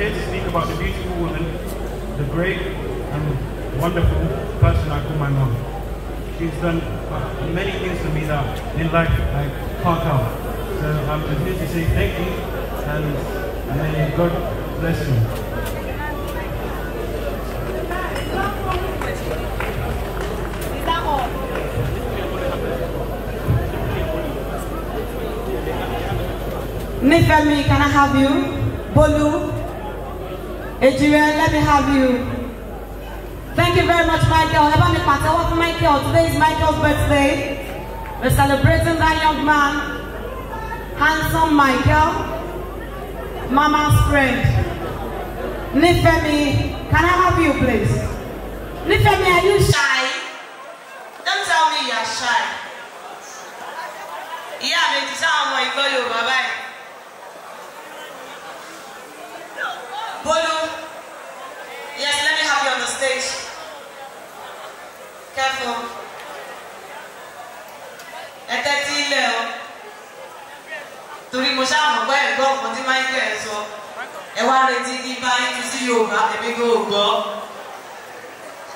to speak about the beautiful woman, the great and wonderful person I call my mom. She's done uh, many things for me that in life I can't count. So I'm just here to say thank you and, may God bless you. Miss Velmi, can I have you? Bolu, Ejire, let me have you. Thank you very much, Michael. Ẹ bá mi pàtẹ́wọ́ fún Michael. Today is Michael's birthday. We're celebrating that young man, handsome Michael, Mama's friend. Nifemi, can I have you, please? kẹ́fọ́ ẹ tẹ́tí ilẹ̀ o torí mo ṣàmọ̀ gbọ́ ẹ̀gbọ́n ọ̀pọ̀ tí Michael sọ ẹ wá retí kí bá yín tú sí Yorùbá ẹ̀mí kò gbọ́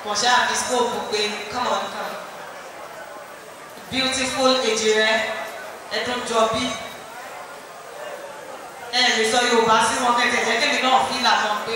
kò ṣáà fi skóòpù pé come on come beautiful èjì rẹ ẹ tó ń jọ bí ẹ lè sọ Yorùbá sí wọn kẹtẹ jẹ kébì náà fi làwọn pé.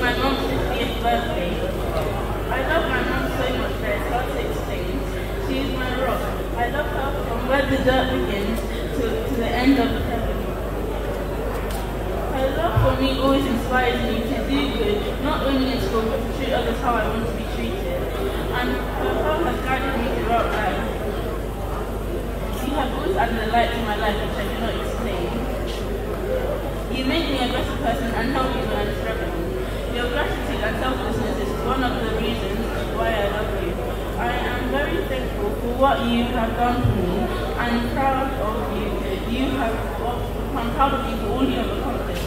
my mom's 50th birthday. what you have done for me. I'm proud of you. You have, I'm proud of you for all you have accomplished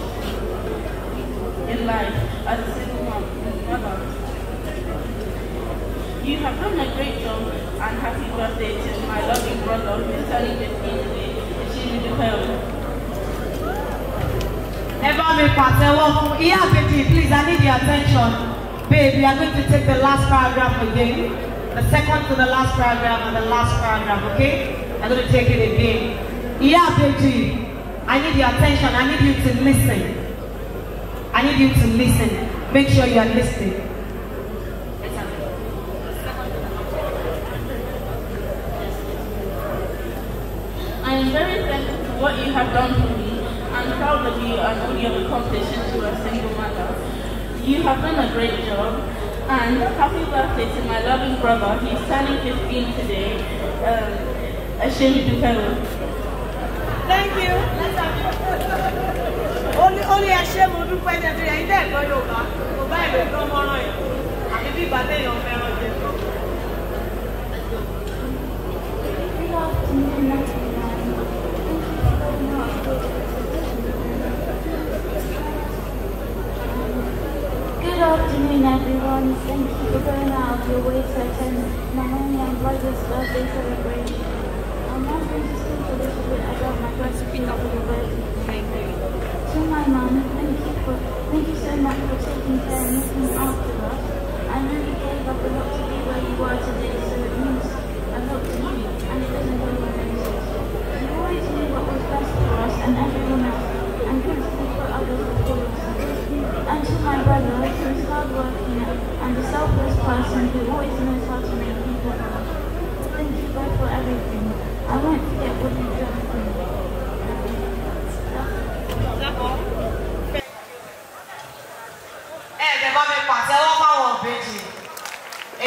in life as a single mom and mother. You have done a great job and happy birthday to my loving brother who is turning 15 today, Jimmy DePelle. Everyone may pàtẹ́wọ́ fún Ìyá please, I need your attention. Babe, we are going to take the last paragraph again the second to the last paragraph and the last paragraph, okay? I'm going to take it again. Yeah, baby, I need your attention. I need you to listen. I need you to listen. Make sure you are listening. I am very thankful for what you have done for me. I'm proud of you and all you have accomplished into a single mother. You have done a great job. And happy birthday to my loving brother. He's turning 15 today. Um, Ashemi Dukelo. Thank you. Let's have Only only Ashemi Dukelo. Ilé ẹ̀kọ́ morning, everyone. Thank you for going out your way to attend my mommy and brother's birthday celebration. I'm not going to speak a little bit about my recipe of your birthday. To my mom, thank you for thank you so much for taking care and looking after us. I know you gave up a lot to be where you were today. ẹ bá mi pàtẹ́wọ́ fáwọn òbejì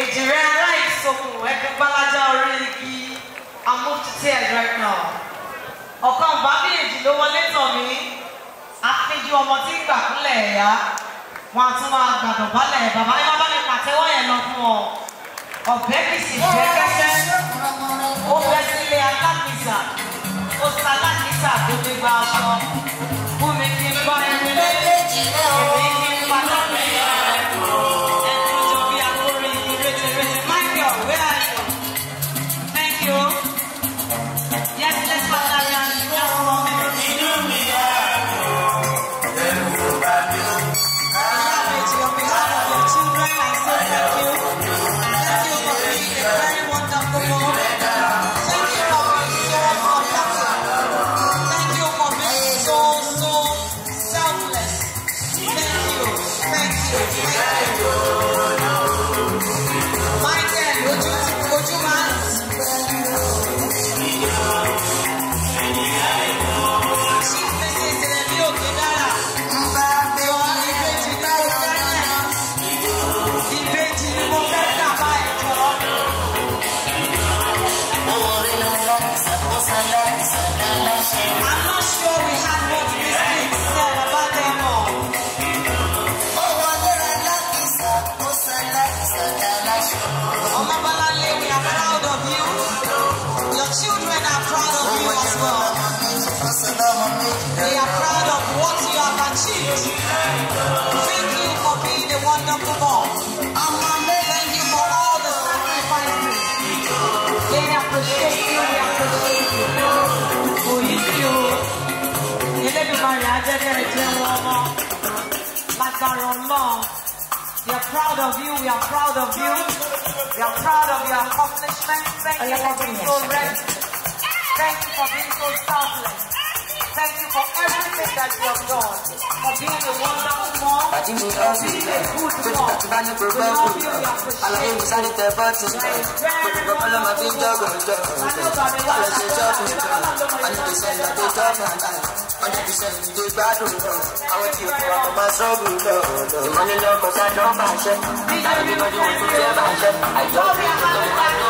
èjì rẹ aláìsokùn ẹgbẹ́ gbálájá orí igi I'm moved to tears right now ọ̀kan bá bí èjì ló wọlé tàn mí àfijù ọmọ tí ń gbàkúlẹ̀ ẹ̀yà wọn a tún máa gbàdọ̀ bàbá yẹn bá mi pàtẹ́wọ́ yẹn lọ fún ọ ọ̀bẹ́ kìsì fẹ́ kẹ́kẹ́ ó fẹ́ sílé alákìsà ó sa alákìsà tó fi aṣọ fún mi kí n bá ẹni lé We are proud of what you have achieved. Thank you for being a wonderful boss. Thank you for all the sacrifices. We appreciate you. We appreciate you. Who is you? Elédùmarè ajẹ́kẹ̀rẹ̀ jẹ́ wọn ọmọ. Lágbára Ọlọ́run. We are proud of you. We are proud of you. We are proud of your accomplishments. Thank you for being so ready. Thank you for being so strong i mi ọ̀sìn ilẹ̀ tó ti i bá ní pòròpọ̀ kù. Àlàyé i sáré tẹ bọ́ọ̀tì. Pòròpọ̀ pọ́lọ́ i fi ń jọ́gùn jọ́gùn. Àlọ́ i jọ́gùn jọ́gùn. Ọ̀nà ìṣẹ̀ ìdàgbé i àgbà. Ọ̀nà ìṣẹ̀ ìdè gbádùn i Àwọn tí o fọwọ́ kọ́ i sọ́ọ̀bù lọ. Ìmọ̀lélọ́kọ̀ sájọ́ máa i Àbíbọ̀dé wọn tún fẹ́ máa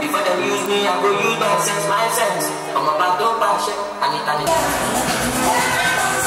Before them use me, I go use my sense, my sense. I'm about to bash it. I need, I need.